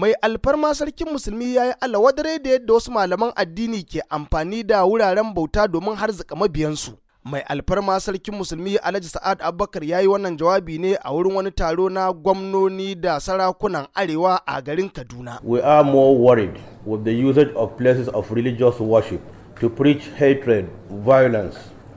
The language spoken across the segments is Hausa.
mai alfarma sarkin musulmi ya yi alawadare da yadda wasu malaman addini ke amfani da wuraren bauta domin harzika mabiyansu mai alfarma sarkin musulmi alhaji sa'ad abubakar ya yi wannan jawabi ne a wurin wani taro na gwamnoni da sarakunan arewa a garin kaduna we are more worried with the usage of places of religious worship to preach hatred violence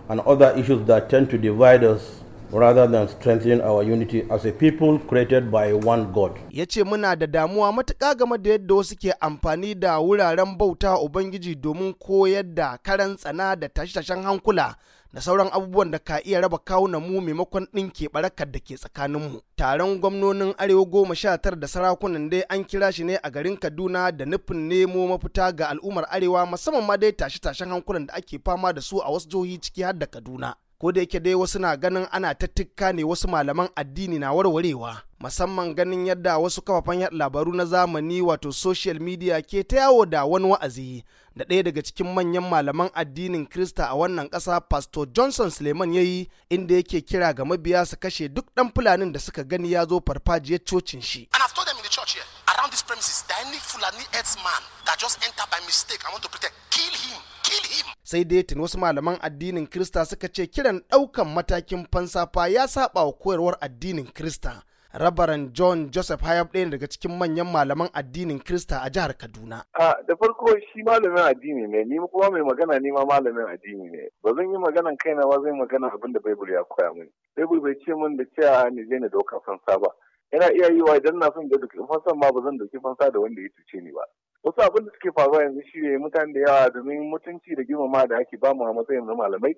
and other issues that tend to divide us rather than strengthening our unity as a people created by one God. Ya ce muna da damuwa matuƙa game da yadda wasu ke amfani da wuraren bauta Ubangiji domin koyar da karan tsana da tashe-tashen hankula da sauran abubuwan da ka iya raba kawunan mu maimakon ɗin barakar da ke tsakaninmu. Taron gwamnonin Arewa goma sha tara da sarakunan dai an kira shi ne a garin Kaduna da nufin nemo mafita ga al'ummar Arewa musamman ma dai tashe-tashen hankulan da ake fama da su a wasu jihohi ciki har da Kaduna. ko da yake dai wasu na ganin ana tattika ne wasu malaman addini na warwarewa musamman ganin yadda wasu kafafen yaɗa labaru na zamani wato social media ke ta yawo da wani wa'azi da ɗaya daga cikin manyan malaman addinin krista a wannan ƙasa pastor johnson suleiman ya yi inda yake kira ga mabiya su kashe duk ɗan fulanin da suka gani ya zo farfajiyar cocin shi around premises that fulani that just by kill him sai dai tuni wasu malaman addinin krista suka ce kiran ɗaukan matakin fansafa ya saba wa koyarwar addinin krista rabaran john joseph hayab ɗaya daga cikin manyan malaman addinin krista a jihar kaduna a da farko shi malamin addini ne ni kuma mai magana ne ma malamin addini ne ba zan yi maganan kaina ba zan yi magana abin da baibul ya koya mun. baibul bai ce min da cewa ni zai na dauka fansa ba yana iya yi wa idan na son da fansa ma ba zan dauki fansa da wanda ya cuce ni ba wasu abin da suke faruwa yanzu shi ne mutane da yawa domin mutunci da girmama da ake ba mu a matsayin na malamai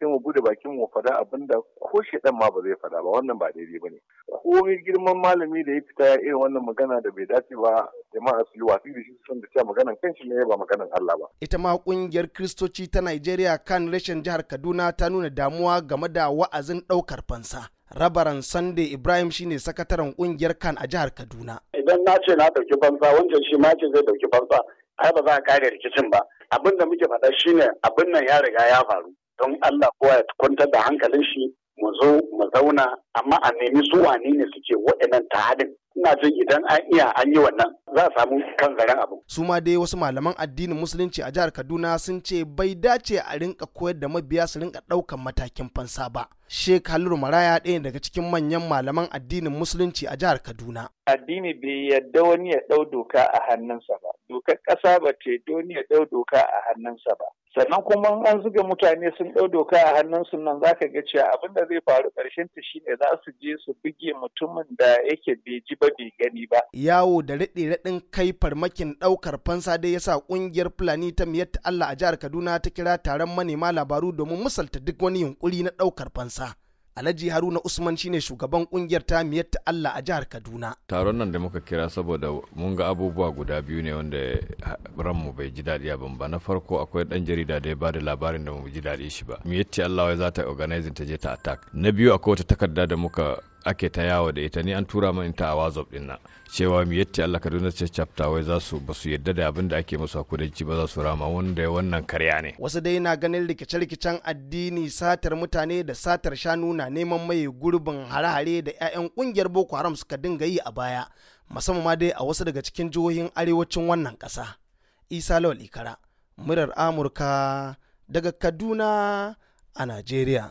sai mu bude bakin mu faɗa abin da ko shaidan ma ba zai faɗa ba wannan ba daidai ba ne ko girman malami da ya fita ya irin wannan magana da bai dace ba jama'a su yi wasu da shi sun da cewa maganan kanshi ne ba maganan Allah ba ita ma kungiyar kristoci ta Najeriya kan rashin jihar Kaduna ta nuna damuwa game da wa'azin ɗaukar fansa rabaran sunday ibrahim shine sakataren kungiyar kan a jihar kaduna idan na ce na dauki fansa wancan shi ma ce zai dauki fansa ai ba za a kare rikicin ba abin da muke faɗa shine abin nan ya riga ya faru don allah kowa ya kwantar da hankalin shi mu zo mu zauna amma a nemi su wane ne suke waɗannan tahadin ina jin idan an iya an yi wannan za a samu kan zaren abu. su dai wasu malaman addinin musulunci a jihar kaduna sun ce bai dace a rinka koyar da mabiya su rinka ɗaukan matakin fansa ba. Sheikh Halilu Maraya ɗaya daga cikin manyan malaman addinin musulunci a jihar Kaduna. Addini bai yadda wani ya ɗau doka a hannunsa ba. Dokar ƙasa ba ce ya ɗau doka a hannunsa ba. Sannan kuma an zuga mutane sun ɗau doka a hannunsu nan za ka ga cewa abin da zai faru ƙarshen ta shine za su je su buge mutumin da yake bai ji ba bai gani ba. Yawo da raɗe ɗin kai farmakin ɗaukar fansa dai yasa ƙungiyar Fulani ta miyatta Allah a jihar Kaduna ta kira taron manema labaru domin musalta duk wani yunƙuri na ɗaukar fansa. Alhaji Haruna Usman shine shugaban kungiyar ta miyatta Allah a jihar Kaduna. Taron nan da muka kira saboda mun ga abubuwa guda biyu ne wanda ranmu bai ji daɗi abin ba. Na farko akwai ɗan jarida da ya ba da labarin da mu ji daɗi shi ba. Miyatta Allah wai za ta organizing ta je ta attack. Na biyu akwai wata takarda da muka ake ta yawo da ita ni an tura min ta a wazop din na cewa mu yatti Allah Kaduna ce chapter wai za su basu yadda da abin da ake musu a kudanci ba za su rama wanda wannan karya ne wasu dai na ganin rikice-rikicen addini satar mutane da satar shanu na neman mai gurbin hare-hare da 'ya'yan kungiyar Boko Haram suka dinga yi a baya musamman ma dai a wasu daga cikin jihohin arewacin wannan ƙasa Isa Lawal Ikara murar Amurka daga Kaduna a Najeriya